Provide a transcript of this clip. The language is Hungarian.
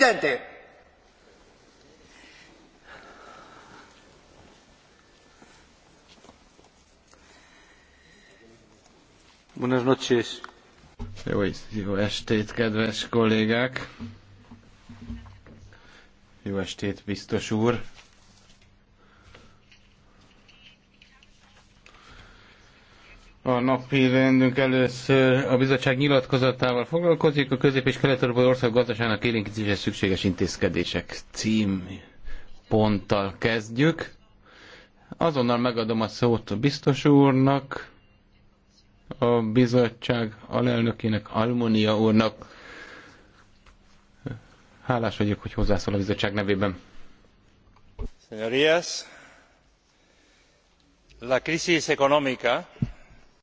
Presidente. Buenas noches. Jó, jó estét, kedves kollégák! Jó estét, biztos úr! a napi rendünk először a bizottság nyilatkozatával foglalkozik, a közép- és kelet európai ország gazdaságának élénkítése szükséges intézkedések cím ponttal kezdjük. Azonnal megadom a szót a biztos úrnak, a bizottság alelnökének, Almonia úrnak. Hálás vagyok, hogy hozzászól a bizottság nevében. Señorías, la crisis económica